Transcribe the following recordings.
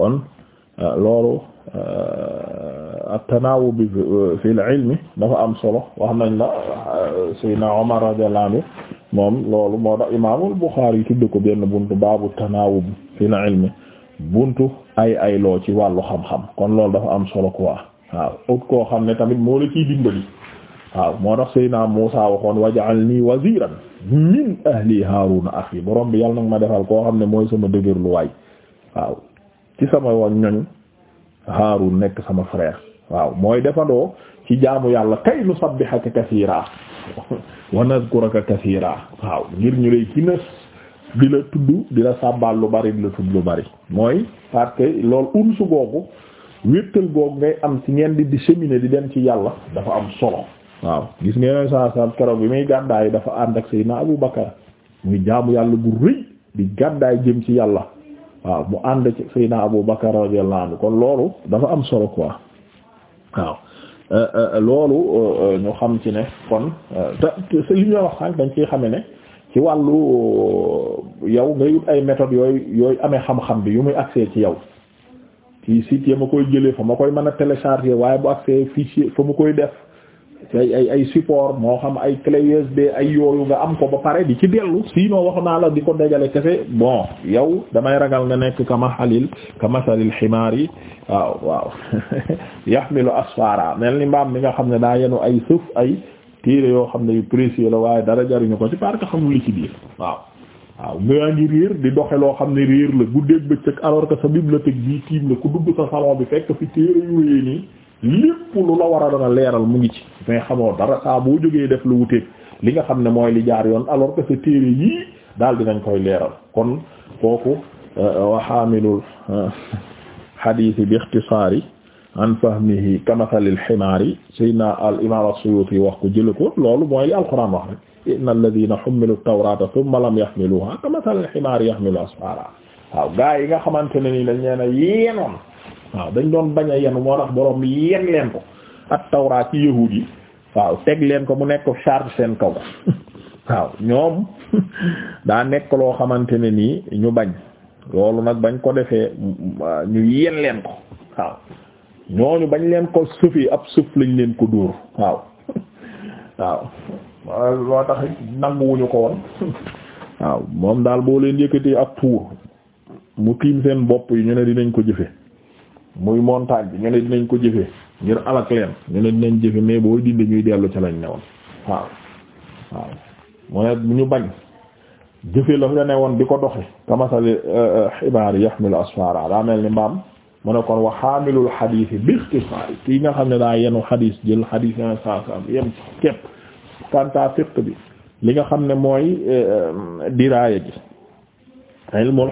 kon euh, loolu euh, at-tanawub euh, fi al-ilmi dafa am solo wax nañ la Seydina Omar radiyallahu anhu moom loolu moo tax Imaamul Bukhari tudd ko benn buntu baabu tanawub fi al-ilmi buntu ay ay loo ci wàllu xam-xam kon loolu dafa am solo quoi waaw ut koo xam ne tamit moo la ciy dimbali waaw moo tax Seydina Muusaa waxoon nii waziiran min ahli Haaruuna axi borom bi yàlla nag ma defal koo xam ne mooy sama dëgërlu waay waaw ci sama woon ñoñ Haarun nekk sama frère waaw mooy defandoo ci jaamu yàlla kay nu sabbihaka kasiira wa nazkuraka kasiira waaw ngir ñu lay ci di la tudd di la sàbbaal lu bari di la tudd lu bari mooy parce que loolu unsu googu wéttal googu ngay am ci ngeen di di disséminer di dem ci yàlla dafa am solo waaw gis ngeen saa saa keroog bi muy gàddaay dafa ànd ak Seydina Abu Bakar muy jaamu yàlla bu rëy di gàddaay jëm ci yàlla waaw mu ànd ci Seydina Abu Bakar radiyallahu anhu kon loolu dafa am solo quoi waaw loolu ñu xam ci ne kon te li ñu wax sànq dañ ciy xame ne ci wàllu yow ngay wut ay méthodes yooyu yooyu amee xam-xam bi yu muy accès ci yow ci site ya ma koy jëlee fa ma koy mën a télécharger waaye bu accès fichier fa mu koy def ay ay ay support moo xam ay clé USB ay yooyu nga am ko ba pare di ci dellu sinon wax naa la di ko dajale kese bon yow damay ragal nga nekk kama xalil kama salil ximaar yi waaw waaw yaxmilu asfara mel ni mbaam mi nga xam ne daa yenu ay suuf ay téere yoo xam ne yu précieux la waaye dara jariñu ko ci parce que xamul li ci biir waaw waaw nga ngi réer di doxe loo xam ne réer la guddeeg bëccëg alors que sa bibliothèque bii tiim la ku dugg sa salon bi fekk lépp lu la war a dana leeral mu ngi ci mais xamoo dara saa boo jógee def lu wuteeg li nga xam ne mooy li jaar yoon alors que sa téere yii daal dinañ koy leeral kon kooku euh, wa xaamilul euh, xadiisi bi ixtisaari an fahmihi kamathalil ximaari sayyidina al imaam as-Suyuuti wax ko jële ko loolu mooy li alxuraan wax rek inna alladina xummilu tawrata thumma lam yaxmiluha kamathalil ximaari yaxmilu asfaara waaw gaa yi nga xamante ne nii dañ leen a yeenoon waaw dañ doon bañ a yenu moo tax borom yen leen ko ak tawraa ci yahuud yi waaw teg leen ko mu nekk charge seen kaw waaw ñoom daa nekk loo xamante ne nii ñu bañ loolu nag bañ ko defee ñu yen leen ko waaw ñooñu bañ leen ko sufi ab suuf lañ leen ko dóor waaw waaw loo tax nanguwuñu ko woon waaw moom daal boo leen yëkkatee ab tuur mu tiim seen bopp yi ñu ne dinañ ko jëfe muy montagne bi ñu ne dinañ ko jëfe ngir alak ñu ne dinañ jëfe mais boo dindi ñuy dellu ca lañ newoon waaw waaw mu ne ñu bañ jëfe la nga newoon di ko doxe kamasali eh, eh, xibaar yaxmilu asfara daa mel ni mbaam mu ne kon wa xaamilul xadiis bi ixtisaari nga xam ne daa yenu xadiis jël xadiis yi saa saa yem képp kanta fiqh bi li nga xam ne mooy eh, diraaya ji ilmul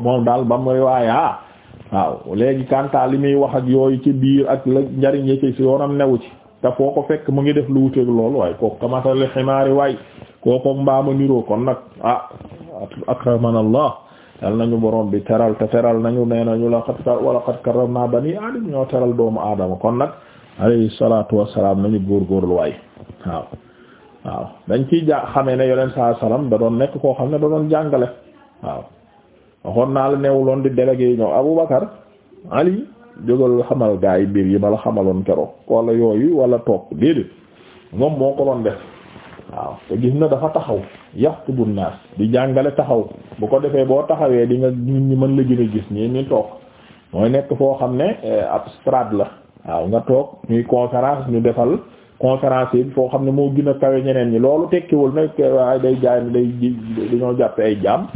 moom daal ba riwaaya waaw léegi kanta li muy wax ak yooyu ci biir ak la njariñ ya yoonam newu ci te foo ko fekk mu ngi def lu wuteeg loolu waaye kooku kamatali ximaari waay kooku mbaam niroo kon nag ah akramanallah yal nañu borom bi teral te teral nañu nee nañu la xat ñoo teral doomu aadama kon nag alayhi salaatu wassalaam nañu góorlu waay waaw waaw dañ ciy ja xamee ne yoneen sa salaam da doon nekk koo xam ne da doon jàngale waaw waxoon naa la newuloon di ñoo ñoom Aboubacar Ali jógal xamal gaa yi biir yi bala xamaloon keroog wala yooyu wala toog déedéet moom moo ko doon def waaw te gis na dafa taxaw yaxtu bu naas di jàngale taxaw bu ko defee boo taxawee di nga ñu ñi mën la gën a gis ñii ni toog mooy nekk foo xam ne eh, ab strade la waaw nga toog ñuy conférence ñu defal conférence yi foo xam ne moo gën a kawe ñeneen ñi loolu tekkiwul eh, waaye day jaay day dañoo jàppe ay jaam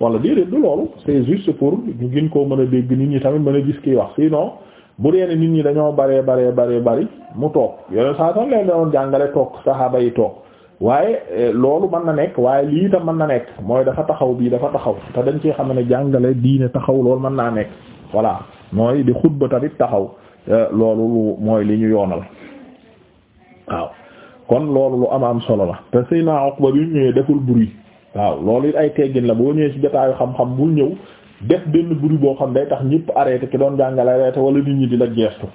wala déedéet du loolu c'est juste pour ñu gën koo mën a dégg nit ñi tamit mën a gis kii wax sinon bu dee nit ñi dañoo bare baree baree bari mu toog yeneen saa sax leen doon jàngale toog saxaaba yi toog waaye eh, loolu mën na nekk waaye lii itam mën na nekk mooy dafa taxaw bii dafa taxaw te dañ ci xam ne jàngale diine taxaw loolu mën naa nekk voilà mooy di xutba tamit taxaw eh, loolu mooy li ñu yoonal waaw kon loolu lu am am solo la te Seydina Uqba waaw loolu it ay teggin la boo ñëwee si jotaayu xam-xam bul ñëw def benn bruit boo xam day tax ñëpp arrêté ki doon jàngale arrêté wala nit ñi di la geestu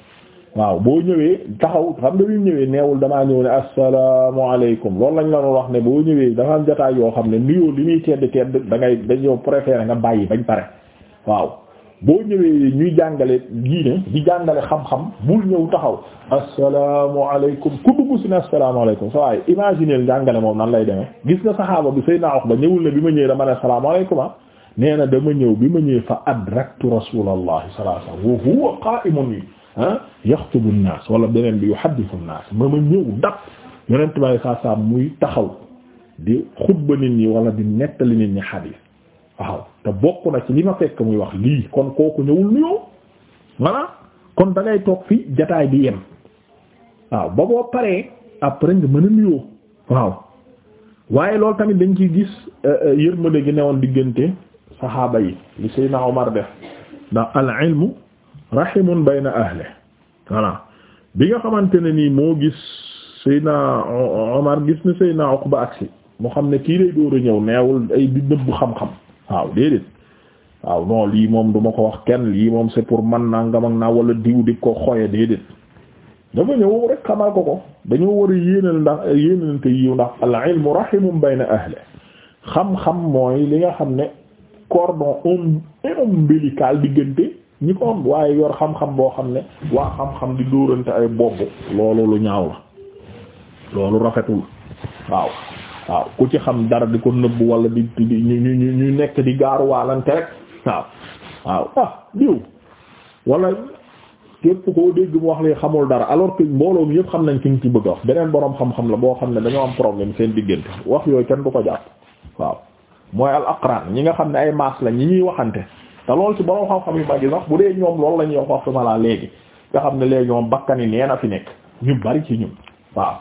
waaw boo ñëwee taxaw xam nga bi ñëwee neewul damaa ñëw ne asalaamaaleykum loolu lañ la doon wax ne boo ñëwee dafa am jotaay yoo xam ne nuyoo li muy tedd tedd da ngay dañoo préféré nga bàyyi bañ pare waaw. boo ñëwee ñuy jàngale diine di jàngale xam-xam bul ñëw taxaw asalaamaaleykum ku dugg si ne asalaamaaleykum sa waaye imagineel jàngale moom nan lay deme gis nga saxaaba bi say naa wax ba ñëwul ne bi ma ñëwee dama ne asalaamaaleykum ah nee na dama ñëw bi ma ñëwee fa adraktu rasulallahi sallallahu alayhi wasallam wa huwa qa'imun ah yaxtubu an-nas wala beneen bi yuhaddithu an-nas ma ma ñëw dab yonent bi saa saa muy taxaw di xutba nit ñi wala di nettali nit ñi te bokk na ci li ma fekk muy wax lii kon kooku ñëwul nuyoo voilà kon da toog fi jataay bi yem waaw ba boo paree après nga mën a nuyoo waaw waaye loolu tamit dañ ciy gis euh, euh, yërmande gi newoon diggante saxaaba yi li Seydina Omar def ndax al ilmu rahimun bayna ahli voilà bi nga xamante ne nii moo gis Seydina Omar gis na Seydina Uqba aksi moo xam ne kii lay dóor ñëw neewul ay di nëbb xam-xam waaw déedéet waaw non lii moom du ko wax kenn lii moom c'est pour man nangam ak naa wala diw di ko xooye déedéet dafa ñëw rek xamal ko dañoo war a yéenal ndax yéenalante yiw ndax al ilmu rahimun bayna ahli xam-xam mooy li nga xam ne cordon ombilical um, diggante ñi ko am waaye yor xam-xam boo xam ne waa xam-xam di dóorante ay bopp loolu lu ñaaw la loolu rafetul waaw waaw ku ci xam dara di ko nëbb wala di di ñu ñu ñu nekk di gaaruwaalante rek waaw waaw ah diw wala képp koo dégg mu wax li xamul dara alors que mbooloo mi yëpp xam nañ ki nga ci bëgg a wax beneen boroom xam-xam la boo xam ne dañoo am problème seen diggante wax yooyu kenn du ko jàpp waaw mooy al aqran ñi nga xam ne ay maas la ñi ñuy waxante te loolu ci boroom xam-xam yu mag yi sax bu dee ñoom loolu la ñuy wax wax dama laa léegi nga xam ne léegi moom bakkani nee na fi nekk bari ci ñun waaw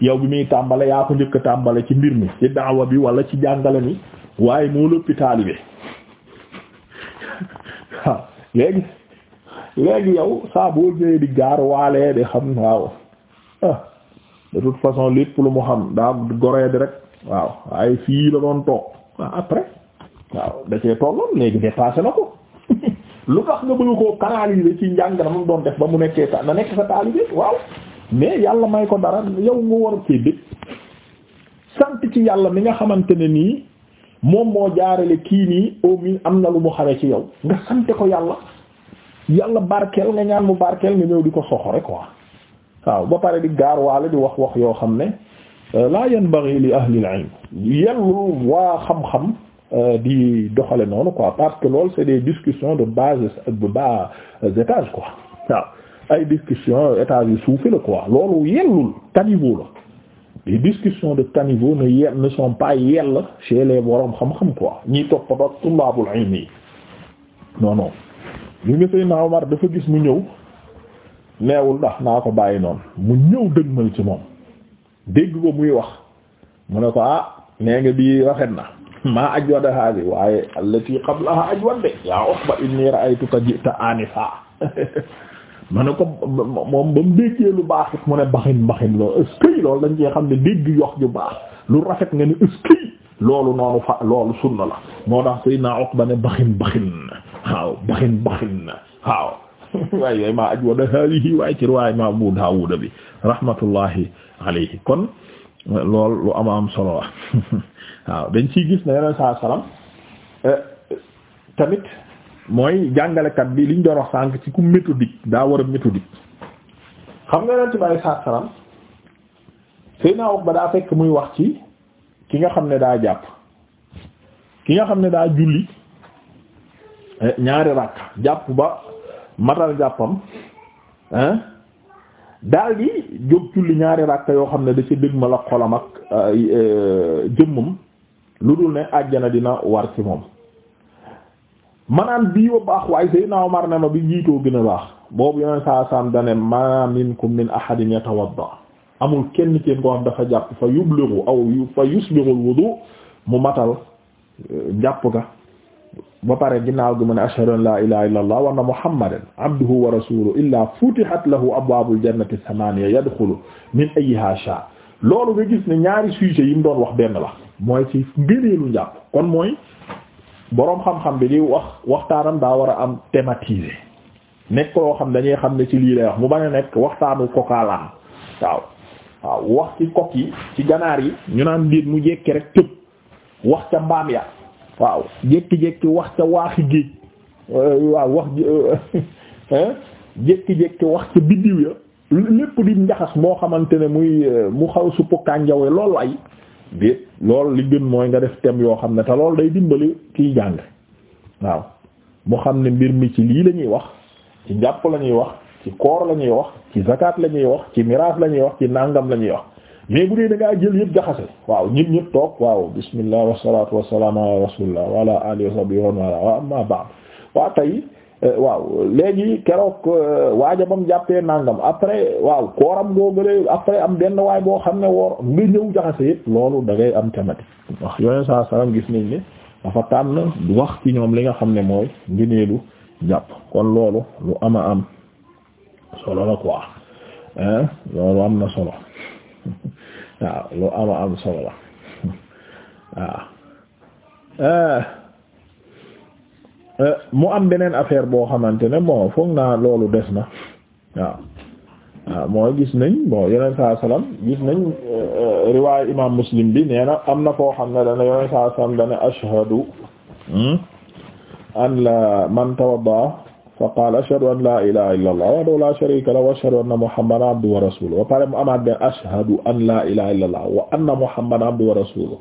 yow bi muy tàmbale yaa ko njëkk tàmbale ci mbir mi ci daawa bi wala ci jàngale mi waaye moo lëppi taalibe léegi léegi yow saa boo ñëwee di gaar waalee di xam waaw ah de toute façon lépp lu mu xam daa goree di rek waaw waaye fii la doon toog ah après waaw da cee tolloon léegi dépassé na ko lu tax nga bëgg koo canaliser ci njàng na mu doon def ba mu nekkee ta na nekk sa taalibe waaw mais yàlla may ko dara yow nga war cee dëkk sant ci yàlla mi nga xamante ne nii moom moo jaarale kii nii au oh, am na lu mu xare ci yow nga sante ko yàlla yàlla barkeel nga ñaan mu barkeel nga ñëw di ko soxore quoi waaw ba pare di gaar waale di wax wax yoo xam ne euh, laa yanbaghi li ahli al-ilm yellul waa xam-xam euh, di doxale noonu ko parce que loolu c'est des discussions de bas de bas étage quoi waaw ay discussion état yu suufi la quoi loolu yellul caniveau la les discussions de caniveau ne ye ne sont pas yell chez les borom xam-xam quoi ñiy toppatoo tullaabul ilmi yi non non li nga sëy naa Omar dafa gis mu ñëw neewul ndax naa ko bàyyi noonu mu ñëw dëgmal ci moom dégg ko muy wax mu ne ko ah nee bii rafet na maa ajwada hadi waaye allati qablaha ajwad yaa Uqba inni ra'aytuka ji'ta anifa ma ne ko moom ba mu déggee lu baax it mu ne baxin baxin loolu ëskëy loolu dañ cee xam ne dégg yox ju baax lu rafet nga ne ëskëy loolu noonu fa loolu sunna la moo tax Seydina Uqba ne baxin baxin waaw baxin baxin waaw waaye yooyu maa aj wada haalihi waaye ci riwaaya ma Abu Daawuda bi rahmatullahi alayhi kon lool lu ama am solo waaw dañ ci gis ne yeneen saa salaam tamit mooy jàngalekat bi liñ doon wax sànk ci ku méthodique daa war a méthodique xam nga leen ci bàyyi saat saram wax ba daa fekk muy wax ci ki nga xam ne daa jàpp ki nga xam ne daa julli eh, ñaari rakk jàpp ba matal jàppam hein daal di jóg julli ñaari rakk yoo xam ne da ci dëgg ma la xolam ak eh, eh, jëmmam lu dul ne àjjana dina war ci moom manaan bii wa baax waaye Seydina Omar ne ma bi jiitoo gën a baax boobu yeneen saa saam dane ma minkum min ahadin yatawadda amul kenn kenn koo xam dafa jàpp fa yublighu aw fa yusbighu al-wudu mu matal euh, jàpp ga ba pare ginnaaw gi mu ne ashhadu an la ilaha illa allah wa anna muhammadan abduhu wa rasuluhu illa futihat lahu abwaabul a thamaniya yadxulu min ayyiha sha loolu nga gis ne ñaari sujets yi mu doon wax benn la mooy ci ngëneelu njàpp kon mooy boroom xam-xam bi di wax waxtaanam daa war a am thématisé nekk loo xam dañuy xam ne ci lii lay wax mu bañ a nekk waxtaanu kokaalaan waaw waaw wax ci kok yi ci ganaar yi ñu naan biir mu jékki rek tëb wax ca mbaam ya waaw jékki-jékki wax ca waaxi géej euh, waaw wax euh, jékki-jékki wax ca biddiw ya lépp di njaxas moo xamante ne muy euh, mu xaw suppu kànjawe loolu ay bi lool li gën mooy nga def thème yoo xam ne te loolu day dimbali kiy jàng waaw mu xam ne mbir mi ci lii la ñuy wax ci njàpp la ñuy wax ci koor la ñuy wax ci zakat la ñuy wax ci miraas la ñuy wax ci nàngam la ñuy wax mais bu dee da jël yëpp jaxase waaw ñëpp ñëpp toog waaw bismillah wasalaatu wasalaam ala rasulillah wa ala alihi wa sahbihi wa waa tey Euh, waaw léegi keroog euh, waaja ba mu jàppee nangam après waaw kooram googale après am benn waay boo xam ne woor nga ñëw jaxase yëpp loolu da am tamati wax yoneen saa salaam gis nañ ne dafa tànn wax ci ñoom li nga xam ne mooy ngëneelu jàpp kon loolu lu ama am solo la quoi na solo waaw lu ama am solo la waaw euh, Euh, mu am beneen affaire boo xamante ne bon foog naa loolu des na waaw waaw mooy gis nañ bon yeneen saa salaam gis nañ euh, riwaayu imaam muslim bi nee na am na foo xam ne dana yeneen saa salaam dana ashhadu hmm, an la man tawadda fa qaala ashhadu an la ilaha illa allah wahdahu la sharika lahu wa ashhadu anna muhammadan abduhu wa rasuluhu wa pare mu amaat benn ashhadu an la ilaha illa allah wa anna muhammadan abduhu wa rasuluhu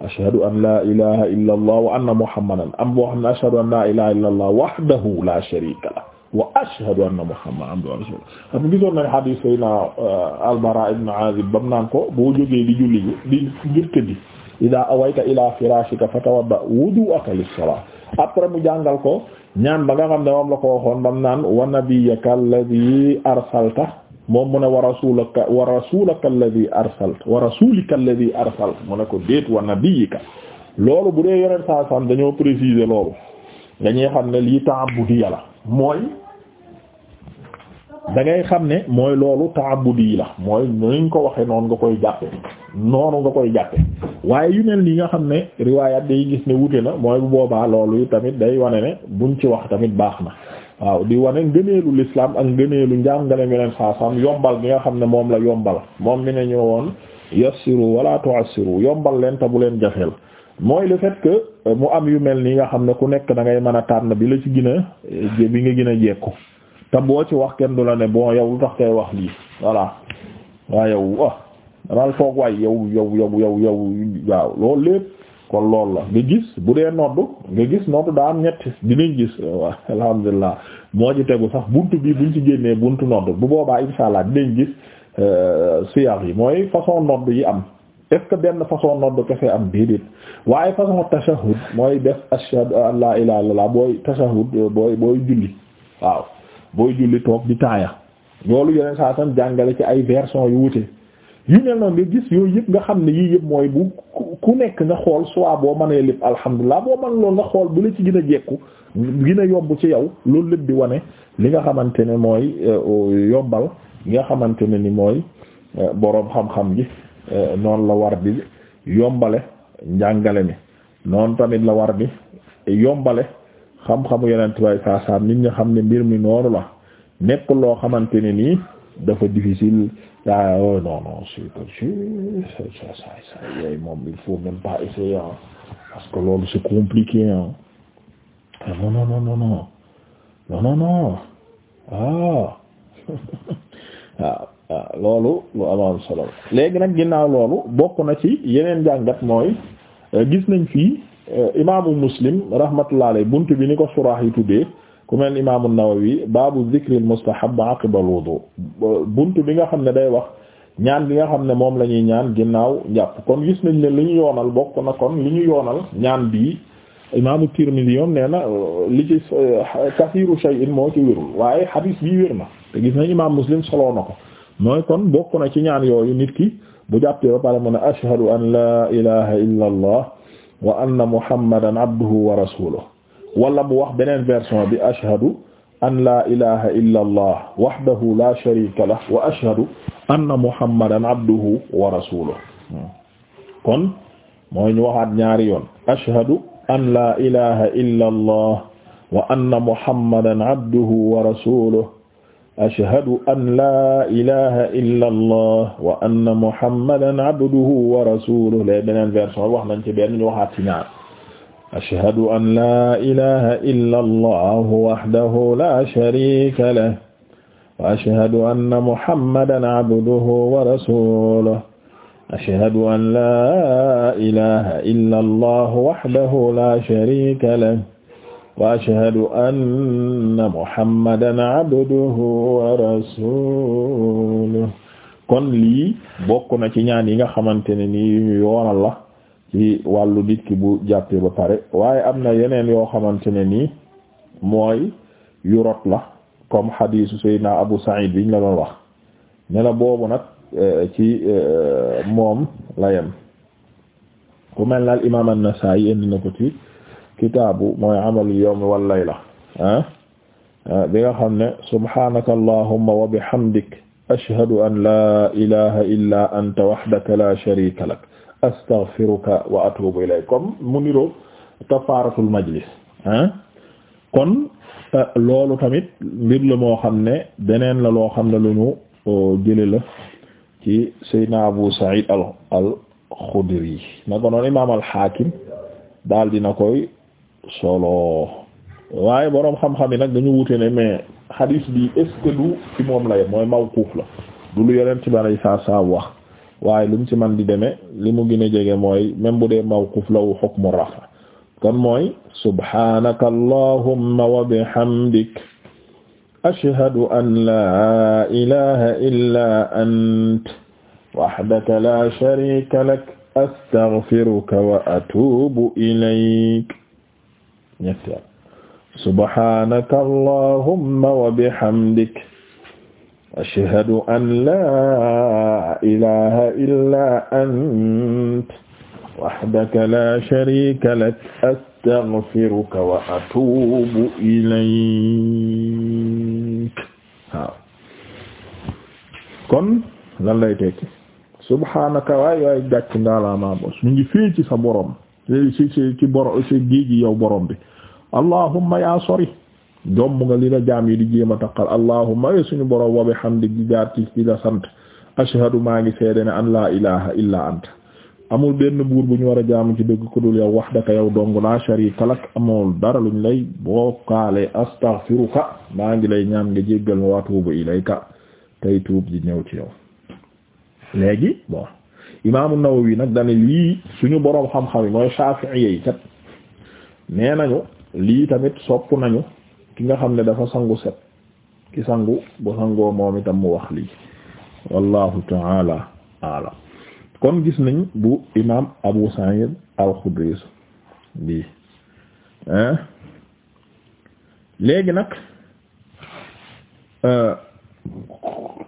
ashhadu an la ilaha illa allah wa anna muhammadan am boo xam ne ashhadu an la ilaha illa allah wahdahu la sharika lah wa ashhadu anna muhammadan abduhu wa rasuluhu am gisoon nañ hadith sayna euh, al-Bara ibn Azib bam naan ko boo jógee di julli ji di ngir tëddi ida awayta ila firashika fatawadda wudu'aka lis-salah après mu jàngal ko ñaan ba nga xam ne moom la ko waxoon bam naan wa nabiyyaka alladhi arsalta moom mu ne wa rasulaka wa rasulaka alladhi arsalt wa rasulika alladhi arsalt mu ne ko déet wa nabiyyika loolu bu dee yeneen saa san dañoo préciser loolu dañuy xam ne lii ta'abbudiya la mooy da xam ne mooy loolu ta'abbudi la mooy nuñ ko waxee noonu nga koy jàppe noonu nga koy jàppe waaye yu mel nii nga xam ne riwaayaat day gis ne wute na mooy boobaa loolu yi tamit day wane ne buñ ci wax tamit baax na waaw di wane ngëneelu l'islam ak ngëneelu njàngale mi leen saasam yombal bi nga xam ne moom la yombal moom mi ne ñoo woon yassiru wala tu'assiru yombal leen te bu leen jafeel mooy le fait que euh, mu am yu mel nii nga xam ne ku nekk da ngay mën a tànn bi la ci gën a euh, bi nga gën a jekku te boo ci wax kenn du la ne boo yow lu tax kay wax lii voilà waa yow ah oh, danal toog waay yow yow yow yow yow loolu lépp kon loolu la nga gis bu dee noddu nga gis noddu daa am ñetti dinañ gis waaw alhamdulilah moo ci tegu sax buntu bi buñ ci génnee buntu nodd bu boobaa insha allah dinañ gis euh, siyaax yi mooy façon noddu yi am est benn façon noddu kese am déedéet waaye façon tashahhud mooy def ashhadu an la ilaha booy tashahhud booy booy julli waaw booy julli toog di taaya loolu yeneen saa tam jàngale ci ay version yu wute. yu mel noonu nga gis yooyu yëpp nga xam ne yii yëpp mooy bu ku nekk nga xool soit boo mënee lépp alhamdulilah boo mën loolu nga xool bu la ci gin a jekku gin a yomb ci yow loolu lépp di wane li nga xamante ne mooy euh, yombal li nga xamante ne ni mooy euh, boroom xam-xam gi euh, noonu la war di yombale njàngale mi noonu tamit la war di yombale xam-xamu yeneen tubaab yi xam ne mbir mi noonu la loo xamante nii. dafa difficile ah oh, non non c'est ça ça ça yooyu moom il faut même pas essayer parce que loolu c'est compliqué ah non non non non non non non non ah. Ah, ah, solo léegi nag ginnaaw loolu bokk na ci yeneen jàngat mooy euh, gis nañ fii euh, imaamu muslim rahmatullah alayhi buntu bi ni ko suraax yi tuddee. ku mel imaamu Nawawi baabu a zikril mustahab aqibal wudu buntu bi nga xam ne day wax ñaan bi nga xam ne moom la ñuy ñaan ginnaaw njàpp kon gis nañ ne li ñu yoonal bokk na kon li ñu yoonal ñaan bii imaamu Tirmidhi yoon nee na li ci eh, kathiru shay'in moo ci wérul waaye hadis bii wér na te gis nañ imaam Muslim soloo na ko mooy kon bokk na ci ñaan yooyu nit ki bu jàppee ba pare mu ne ashhadu an laa ilaha illa allah wa anna muhammadan abduhu wa rasuluhu wala mu wax beneen version bi ashhadu an la ilaha illa allah wahdahu la sharika lah wa ashhadu anna muhammadan abduhu wa rasuluhu kon mooy ñu waxaat ñaari yoon ashhadu an la ilaha illa allah wa anna muhammadan abduhu wa rasuluhu ashhadu an la ilaha illa allah beneen version wax nañ ci benn ñu waxaat ashhadu an laa ilaha illa allahu wahdahu la sharika lah wa ashhadu anna muhammadan abduhu wa rasuluhu ashhadu an laa ilaha illa allahu wahdahu la sharika lah wa ashhadu anna muhammadan abduhu wa rasuluhu kon lii bokk na ci ñaan yi nga xamante ne nii yoonal la ci wàllu nit bu jàppee ba pare waaye am na yeneen yoo xamante ne nii mooy yurot la comme xadiisu Seydina Abu Sa'id biñ la doon wax ne la boobu nag eh, ci eh, moom la yem ku mel na al imaam an-Nasaa'i indi na ko ci kitaabu mooy amalu yawmi wal ah, ah, bi nga xam ne subhaanaka allahumma wa bihamdik ashhadu an laa ilaha illa anta wahdaka la sharika lak astaghfiruka wa atubu ilay comme mu niroo kafaaratul majlis hein kon euh, loolu tamit mbir la moo xam ne beneen la loo xam ne lu ñu euh, jële la ci Seydina Abu Sa'id al al Xudri na ko noonu imaam al Hakim daal dina koy solo waaye boroom xam-xam yi nag dañu wute ne mais hadith bi est ci moom lay yem mooy mawquuf la du lu yeneen ci banay saa saa wax waaye lu mu ci man di deme li mu gën jege mooy même bu dee mawquf lawu hukmu kon mooy subhanaka allahumma wa bihamdik ashhadu an la ilaha illa ant wahdaka la sharika lak astaghfiruka wa atubu ilayk ñetteel subhanaka allahumma wa bihamdik ashhadu an laa ilaaha illaa anta wahdaka laa shariika laka astaghfiruka wa atuubu ilayk waaw kon lan lay tekki subhaanaka waay waay gàcc ngaalaamaa bos ñu ngi fii ci sa borom ci ci ci borom ci géej gi yow borom bi allahumma yaa sori jomb nga lii la jaam yi di jéem a taqal allahumma y suñu borom wa xam di jaar ci ci la sant ashhadu maa ngi seede ne an laa ilaha illa ant amul benn buur bu ñu war a jaamu ci dëgg ku dul yow wahdaka yow dong la sharika lak amul dara luñ lay bookaale astaghfiruka maa ngi lay ñaan nga jéggal ma wa tuubu ilayka tey tuub di ñëw ci yow léegi bon imaamu Nawawi nag dane lii suñu boroom xam-xam yi mooy Shafi'i yi kat nee nañu lii tamit sopp nañu ki nga xam ne dafa sangu set ki sangu bu sangoo moom itam mu wax lii wallahu taala alam kon gis nañ bu imam Abu Sa'id al-Khudri léegi nag euh,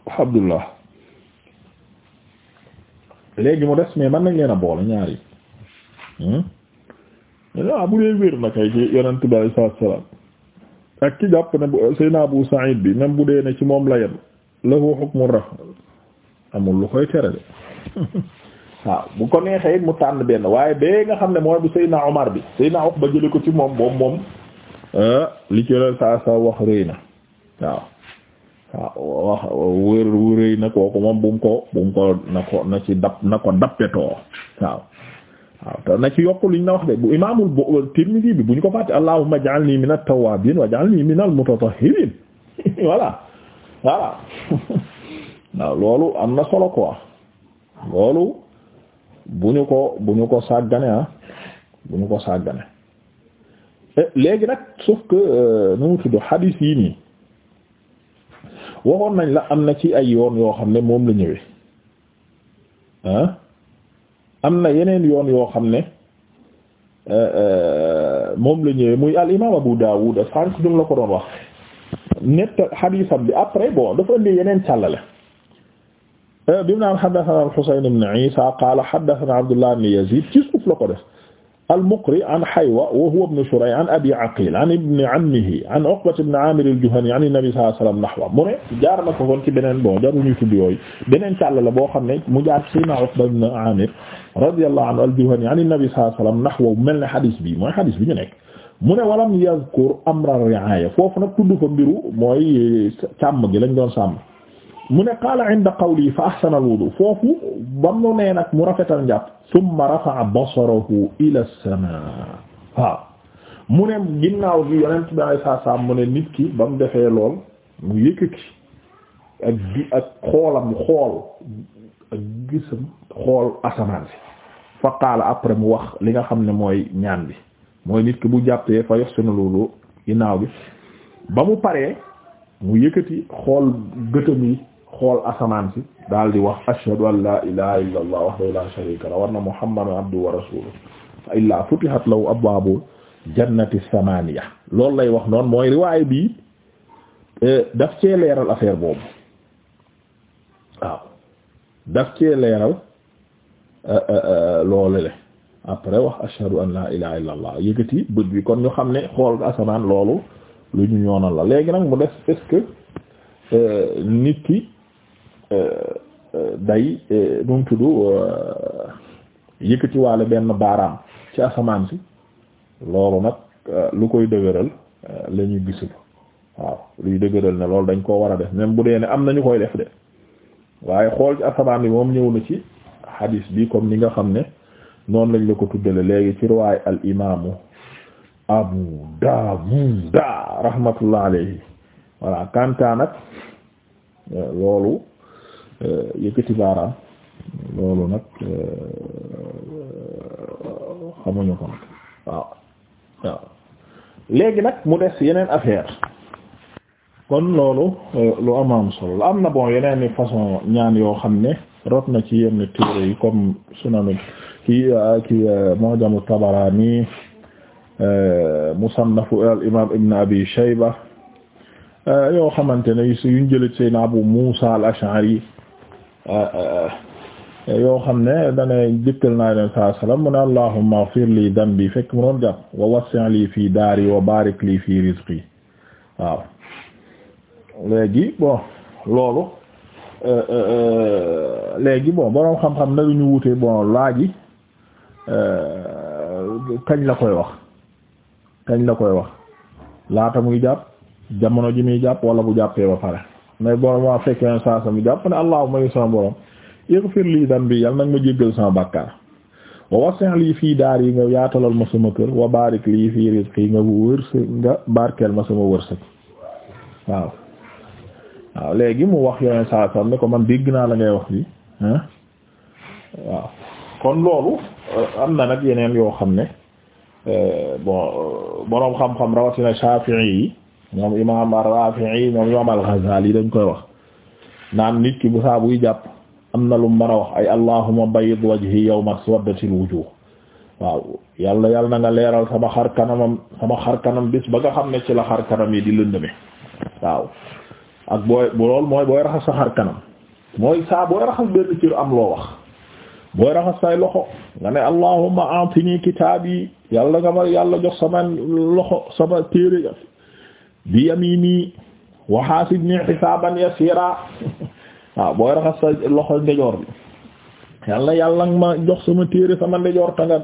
alhamdulillah léegi mu des mais mën nañ leen a boole ñaari yi hmm? bu dee wér na kay ci yonent bi sallallahu alayhi ak ki jàpp ne Seydina Abu Sa'id bi même bu dee ne ci moom la yem lahu hukmu raf amul lu koy tere de waaw bu ko neexee mu tànn benn waaye bee nga xam ne mooy bu Seydina Omar bi Seydina ba jële ko ci moom moom moom ah, li ci la saa saa wax rëy na waaw waaw wax wër wërëy na kooku moom bu ko bu ko na ko na ci dab na ko dappetoo waaw waaw te na ci yokk liñ na wax de bu imaamul bu euh, Tirmidhi bi bu ñu ko fàtte allahumma ij'alni min at-tawwabin wa ij'alni min al-mutatahhirin voilà voilà waaw loolu am na solo quoi loolu bu ñu ko bu ñu ko sàggane ah bu ñu ko sàggane eh, léegi nag sauf que euh, nu mu tudd hadith yi nii waxoon nañ la am na ci ay yoon yoo xam ne moom la ñëwee ah. am na yeneen yoon yoo xam ne euh, euh, moom la ñëwee muy al imaam Abu Dawud sànq ñu la ko doon wax nett xadiisam bi après bon dafa indi yeneen càllale euh, bi mu naan xaddasanaa al-Husayn ibn Isa qaala xaddasanaa Abdullah ibn Yazid ci suuf la ko def al-Muqri an Haywa wa huwa ibn Shurayh an Abi Aqil an ibn ammihi an Uqbat ibn Amir al-Juhani an Nabi sallallahu alayhi wasallam nahwa mu ne jaar na ko kon ci beneen bon jaru ñu tudd yooyu beneen càll la boo xam ne mu jaar Sayyidina Uqba ibn Amir radiyallahu anhu al-Juhani an Nabi sallallahu alayhi wasallam nahwa mel ne hadis bi mooy hadis bi ñu nekk mu ne walam yazkur amra ri'aya foofu nag tudd fa mbiru mooy càmm gi lañ doon sàmm mu ne qaala inda qawli fa ahsana alwudu foofu bam mu rafetal njàpp thumma rafa'a basarahu ila as-samaa waaw mu nit ki ba defee lool mu yëkkati ak di ak après mu wax li nga xam ne mooy ñaan bi mooy nit ki bu jàppee fa yoxsana loolu ginnaaw bi ba mu paree mu yëkkati xool gëtam yi xool asamaan si daal di wax ashhadu an la ilaha illa allah wahdahu la sharika lahu wa anna muhammadan abduhu wa rasuluhu illa futihat lahu abwabu jannati samaniya loolu lay wax noonu mooy riwaay bi eh, daf cee leeral affaire boobu waaw daf cee leeral eh, eh, loolu le après wax ashhadu an la ilaha illa allah bët bi kon ñu xam ne xool asamaan loolu lu ñu ñoonal la léegi nag mu def est que nit ki Euh, euh, day euh, nu mu tudd yëkkati waale benn baaraam ci asamaan si loolu nag lu koy dëgëral la ñuy gisul waaw luy dëgëral ne loolu dañ koo war a def même bu dee ne am nañu koy def de waaye xool ci asamaan bi moom ñëw na ci hadis bi comme ni nga xam ne noonu lañ la ko tuddale léegi ci riwaay al imaamu abu daawuda rahmatullah alayhi voilà kanta nag loolu Euh, yëkkati baaraam loolu nag euh, xamuñu ko waaw waaw léegi nag mu des yeneen affaire kon loolu euh, lu am solo la am na bon yeneen façon ñaan yoo xam ne rot na ci yenn téere yi comme sunanu ki ki mu'jamu Tabarani musannafu al imam ibn abi Shayba yoo xamante ne yuñ jële Seydina Abu Musa al-Ash'ari Euh, euh, euh, yoo xam ne da ngay jëkkal naa leen saa salaam mu ne allahumma ighfir bi fekk mu doon jàpp wa wassi' li fii daari wa barik li fii rizqi waaw léegi bon loolu léegi bon boroom xam-xam na ñu wute bon laaji kañ la koy wax kañ la koy wax laata muy jàpp jamono ji muy jàpp wala bu jàppee ba pare. mais bon maa fekk na saa sama jàpp ne allahumma yu sama borom ighfir li dhanbi yal nag ma jéggal sama bàkkaar wa wasi' lii fii daar yi nga yaatalal ma sama kër wa barik lii fii rizqi nga wërsëg nga barkeel ma sama wërsëg waaw waaw léegi mu wax yoneen saa sam ne ko man dégg naa la ngay wax bi waaw kon loolu am na nag yeneen yoo xam ne euh, bon euh, boroom xam-xam rawatina Shafi'i yi ñoom imam ar-Rafi'i ñoom imam al-Ghazali dañ koy wax naan nit ki bu saa buy jàpp am na lu mën a wax ay allahumma bayyid wajhi yawma aswaddatil wujuh waaw yàlla yàlla na nga leeral sama xar kanamam sama xar kanam bis ba nga xam ne ci la xar kanam yi di lëndëme waaw ak booy loolu mooy booy raxas sa xar kanam mooy saa booy raxas benn am loo wax booy raxas say loxo nga ne allahumma atini kitaabi yàlla nga ma yàlla jox sama loxo sama téere bi yamini wa hasibni hisaban yasira waaw booy raxas loxo ndejoor bi yàlla yàlla nga ma jox sama téere sama ndejoor ta nga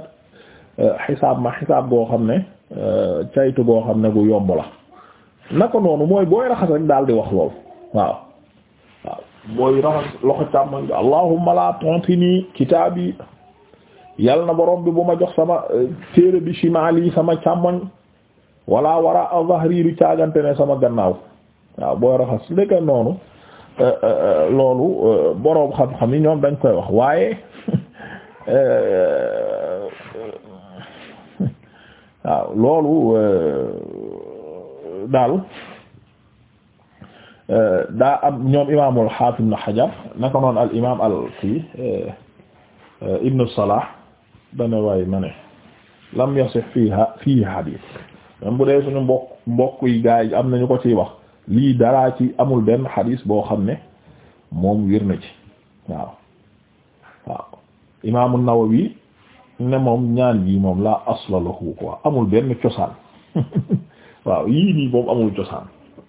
euh, xisaab ma xisaab boo xam ne euh, caytu boo xam ne gu yomb la naka noonu mooy booy raxas rek daal di wax lool waaw waaw booy raxas loxo càmmoñ bi allahumma la tu'tini kitaabi yàlla na borom bi bu ma jox sama euh, téere bi shimali sama càmmoñ wala wara a zahri du caagante ne sama gannaaw waaw booy raxas léegi noonu euh, euh, euh, loolu boroom xam-xam yi ñoom dañ koy wax waaye waaw loolu daal daa am ñoom imaamul xaafis ibn Hajar naka noonu al imaam al kii ibn Salah dana waaye ma ne lam yasih fiiha fii hadith même bu dee suñu mbokk mbokk yi gars yi am nañu ko ci wax lii dara ci amul benn xadis boo xam ne moom wér na ci waaw waaw imaamu Nawawi ne moom ñaan yi moom laa asla ko quoi amul benn cosaan waaw yii nii moom amul cosaan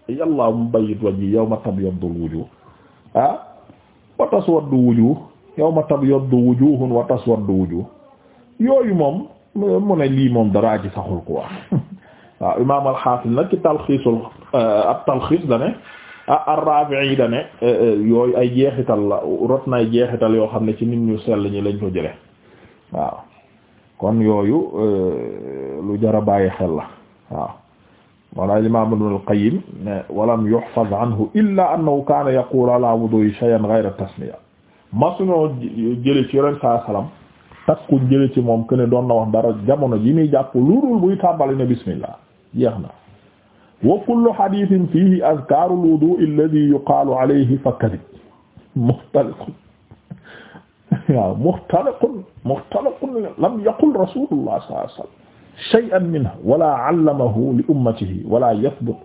yàllaa mu bayyit wajhi yawma tabyaddul wujuh ah wa taswaddu wujuh yawma tabyaddu wujuhun yooyu moom mu ne lii moom daraa ci saxul quoi waaw imaam al-Hafiz nag ci talxiisul euh, ab talxiis da ne ah ar-Rafi'i da euh, euh, yooyu ay jeexital la rot na jeexital yoo xam ne ci nit ñu sell ñi lañ ko jële waaw kon yooyu lu jara xel la waaw wala al-imam ibn al-Qayyim ne walam yuhfaz anhu illa annahu kana yaqulu ala wudu'i shay'an ghayra tasmiya masuñoo jële ci yoleen saa salam takku jële ci moom que ne doon na wax dara jamono ji muy jàpp luurul buy tàmbali ne bismillah jeex na wa kullu hadithin fihi azkaru alwudu alladhi yuqalu alayhi fakadib muxtaliqun waaw muxtaliqun muxtaliqun lam yaqul rasulullah sallallahu alayhi wasallam shay'an minha wala allamahu li ummatihi wala yathbut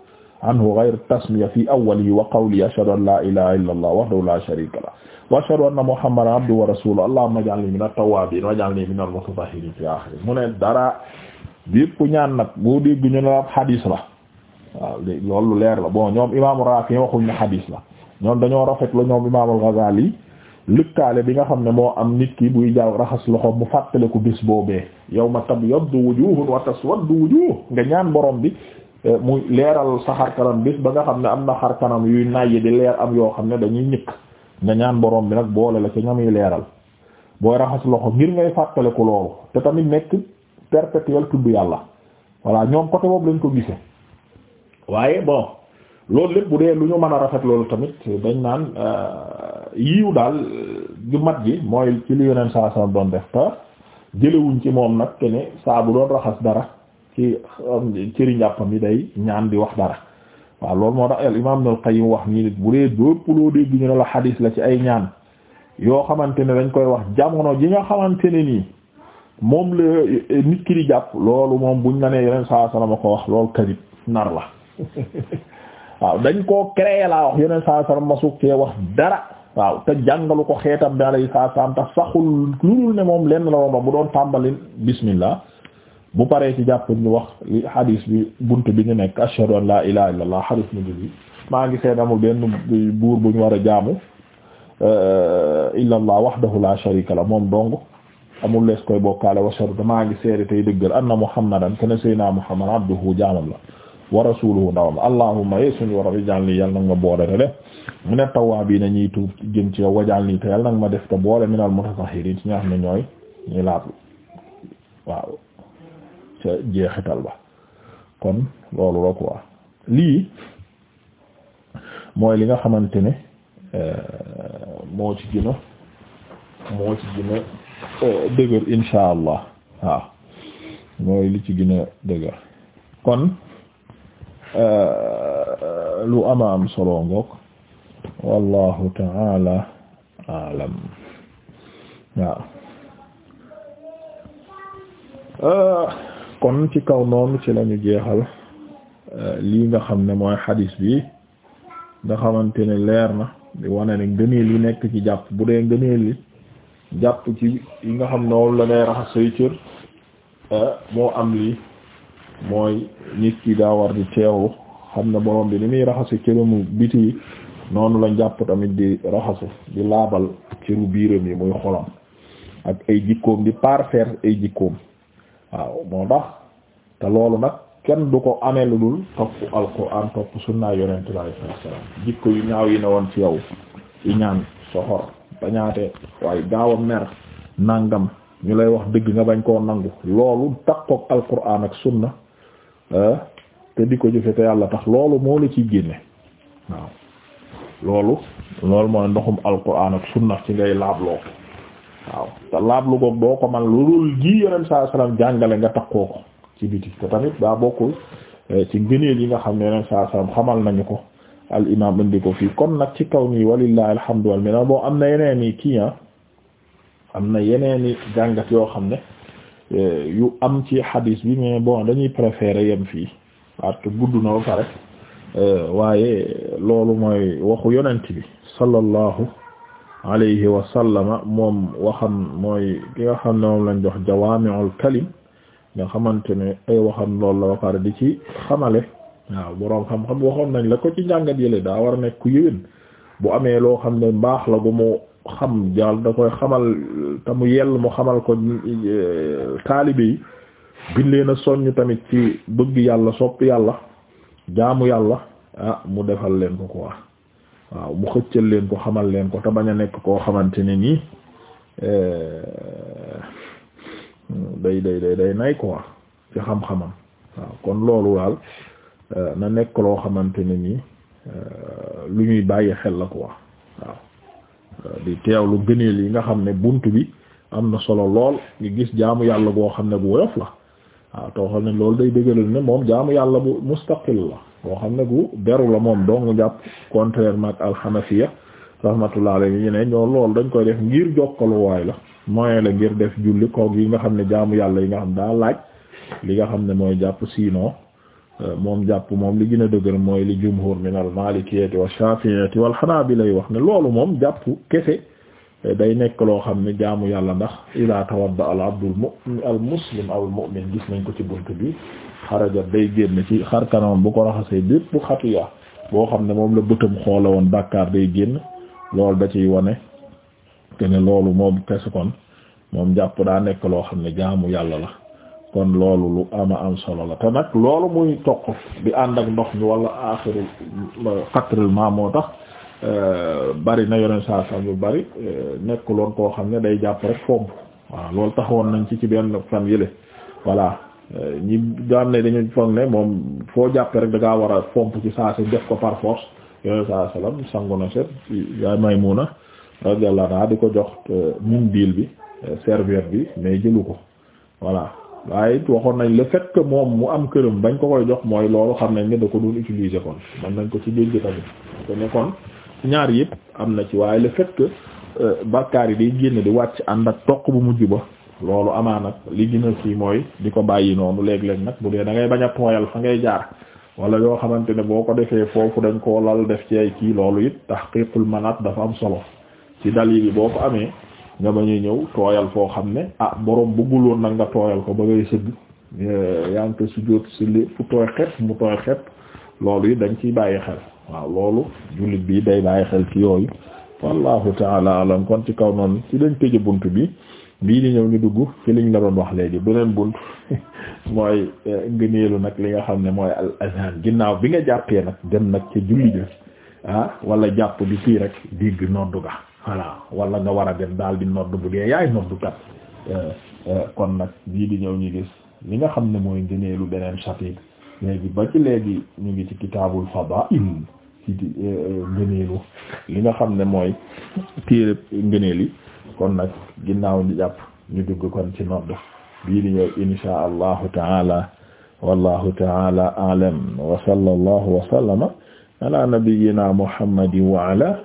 anhu ghayru tasmiya fi awwalihi wa qawlihi ashhadu an la ilaha illa allah wahdahu la sharika lahu wa ashhadu anna muhammadan abduhu wa rasuluhu allahumma ij'alni min at-tawwabin waj'alni min al-mutatahhirin fi akhirih mu ne dara bépp ñaan nag boo dégg ñu ne ab xadiis la waaw loolu leer la boo ñoom imaamu Raafi waxuñ ne xadiis la ñoom dañoo rafet la ñoom imaamul Ghazali lëkkaale bi nga xam ne moo am nit ki buy jaaw raxas loxo mu fàttale ko bés boobee ma yawma tabyaddu wujuhun wa taswaddu wujuh nga ñaan borom bi eh, mu leeral sa xar kanam ba nga xam ne am na xarkanam kanam yuy nàyyi di leer am yoo xam ne dañuy ñëkk nga ñaan borom bi nag boole la ca ñamuy leeral booy raxas loxo ngir ngay fàttale perpétuel tudd yàlla voilà ñoom côté boobu lañ ko gise waaye bon loolu lépp bu dee lu ñu mën a rafet loolu tamit dañ naan euh, yiw daal ju euh, mat gi mooy ci li yeneen saa saa doon def te jëlewuñ ci moom nag ke ne saa bu doon raxas dara ci um, cëri njàppam yi day ñaan di wax dara waaw loolu moo tax al imam Ibnul Qayyim wax nii bu dee lépp loo dégg ñu ne la xadiis la ci ay ñaan yoo xamante ne dañ koy wax jamono ji nga xamante ne nii moom la nit ki di jàpp loolu moom buñ la nee yeneen saa salama ko wax loolu kadib nar la waaw dañ koo créer laa wax yeneen saa salama ma sukkee wax dara waaw te jàngalu ko xeetam bi alayhi salaam tax saxul lulul ne moom lenn la romba bu doon tàmbali bismillah bu paree ci jàpp ñu wax li hadis bi bunt bi ñu nekk ashhadu an la ilaha illallah hadis mu bi maa ngi seen amul benn buur bu ñu war a jaamu eh, illallah wahdahu la sharika la moom dong amul lees koy bokkaale wa shahadu maa ngi seede tey dëggal anna muhammadan kana sayna muhammad abduhu jaamam la wa rasuluhu ndawam allahumma ye eh, suñu waral ij'alni yàlla nag ma boole te de mu ne tawwaabiina ñiy tuub jëm ci yow waj'alni te yàlla nag ma def te boole minal mutatahhiriin ci ñi xam ñooy ñi laablu waaw ca jeexital ba kon loolu la quoi lii mooy li nga xamante ne eh, moo ci gën moo ci gën dëgër insha allah waaw mooy li ci gën dëgër kon euh, lu ama am solo ngook wallahu taala alam waaw kon ci kaw noonu ci lañu jeexal euh, lii nga xam ne mooy xadiis bi nga xamante ne leer na di wane ne ngëneel yi nekk ci jàpp bu dee ngëneel yi jàpp ci yi nga xam ne la ngay raxas say cër eh, moo am li mooy nit ki daa war di teewu xam na borom bi ni muy raxase cëramu biti noonu la jàpp tamit di raxasu di laabal cëru biiram yi muy xolam ak ay jikkoom di parfaire ay jikkoom waaw moo tax te loolu nag kenn du ko amee lu dul topp alquran topp sunna yonent bi sallallahu jikko yu ñaaw yi ne woon ci yow i ñaan soxor bañaate waaye gaaw mer nangam ñu lay wax dëgg nga bañ koo nangu loolu takkook alquran ak sunna eh, te di ko jëfe te yàlla tax loolu moo la ciy génne waaw loolu loolu mooy ndoxum alquran ak sunna ci ngay laabloo waaw te laablu goog boo ko man loolu ji yonent saa salaam jàngale nga takkoo ko ci biti te tamit daa bokkul eh, ci ngëneel yi nga xam ne yonent saa salaam xamal nañu ko al imam indi ko fii kon nag ci kaw nii walillahi alhamdu wal minna am na yeneen i ah, am na yeneeni i jàngat yoo xam ne e, yu am ci hadis bi mais bon dañuy préférer yem fii parce que gudd na ba pare e, waaye loolu mooy waxu yonent bi sallallahu alayhi wa moom waxam mooy ki nga ne moom lañ jox jawaami'ul kalim xamante ne ay waxam loolu la ba di ci xamale waaw boroom xam-xam waxoon nañ la ko ci njàngat yële daa war a nekk ku yëwén bu amee loo xam ne baax la gu mu xam jàll da koy xamal te mu yell mu xamal ko eh, taalibe yi biñ leen a soññ tamit ci bëgg yàlla sopp yàlla jaamu yàlla ah mu defal leen ko quoi waaw mu xëccal leen ko xamal leen ko te bañ a nekk koo xamante ne nii eh, day day day day nay quoi ci xam-xamam waaw kon loolu daal Euh, na nekk loo xamante ne ni euh, lu ñuy bàyyi xel la quoi waaw euh, di lu gëneel yi nga xam ne bunt bi am na solo lool nga gis jaamu yàlla goo xam ne bu woyof la waaw too xam ne loolu day dëgëral ne moom jaamu yàlla bu mustaqil la boo xam ne bu beru la moom dong jàpp contrairement ak alxanafiya rahmatullah alayhi ñu ne dañ koy def ngir jokkaluwaay la moyen la ngir def julli koog yi nga xam ne jaamu yàlla yi nga xam daa laaj li nga xam ne mooy jàpp sinon Euh, moom jàpp moom li gën a dëgër mooy li jumhur min al malikiyati wa shafi'iyati wal hanabila lay wax ne loolu moom jàpp kese euh, day nekk loo xam ne jaamu yàlla ndax ila tawadda al abdul mu'min al muslim aw al mu'min gis nañ ko ci bunt bi xaraja day génn ci xar kanam bu ko raxasee bépp xatiya boo xam ne moom la bëtam xoola woon bàkkaar day génn lool da ciy wone te ne loolu moom kese kon moom jàpp daa nekk loo xam ne jaamu yàlla la kon loolu lu ama am solo la te nag loolu muy toq bi ànd ak ndox mi wala axirul xatril moo tax euh, bari na yeneen saa saa yu bari euh, nekkuloon koo xam ne day jàpp rek fomp waaw loolu taxawoon nañ ci ci benn fan yële voilà euh, ñi daan ne dañu foog ne moom foo jàppee rek da ngaa war a fomp ci saa si def ko par force yeneen saa salaam sangu na set yaay Maymuna radiyallahu anha di ko jox mun biil bi serviette bi mais jëlu ko voilà. waaye it waxoon nañ le fait que moom mu am këram bañ ko koy jox mooy loolu xam nañ ne da ko doon utiliser kon mën nañ ko ci dégg tamit te ne kon ñaar yëpp am na ci waaye le fait que euh, bakkaar yi day génn di wàcc ànd ak toq bu mujj ba loolu amaana li gën a kii mooy di ko bàyyi noonu léeg-léeg nag bu dee da ngay bañ a tooyal fa ngay jaar wala yoo xamante ne boo ko defee foofu dañ koo lal def ci ay kii loolu it tahqiqul manaat dafa am solo ci dal yi bi boo ko amee nga bañ a ñëw tooyal foo xam ne ah borom bëgguloon nag nga tooyal ko ba ngay sëgg eh, yaa ngi ko sujjóot si li fu tooy xet mu tooy xepp loolu yi dañ ciy bàyyi xel waaw loolu jullit bi day bàyyi xel ci yooyu wallahu taala alam kon ci kaw noonu ci lañ tëje bunt bi bii di ñëw ñu dugg ci liñ la wax léegi beneen bunt mooy eh, ngëneelu nag li nga xam ne mooy ginnaaw bi nga jàppee nag dem nag ca julli ja ah wala jàpp bi fii rek digg noddu ga voilà wala nga war a dem daal di nodd bu dee yaay noddukat euh, euh, kon nag bii di ñëw ñu gis li nga xam ne mooy ngëneelu beneen chapitre léegi ba ci léegi ñu ngi ci kitaabul fadaa'il ci euh, li nga xam ne mooy téere ngëneel kon nag ginnaaw ñu jàpp ñu dugg kon ci nodd bii di ñëw inshaa allahu taala wallahu taala a'lam wa sallallahu wa sallama ala nabiyyina muhammadin wa ala